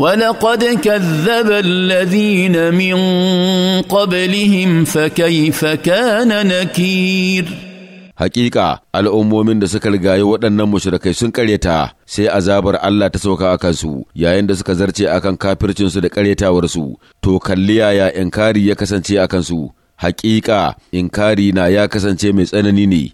ولقد كذب الذين من قبلهم فكيف كان نكير hakika al'ummomin da suka yi waɗannan mushrikai sun ƙaryata sai azabar Allah ta sauka a kansu yayin da suka zarce akan kafircinsu da ƙaryatawarsu to kalli yaya inkari ya kasance a kansu hakika inkari na ya kasance mai tsanani ne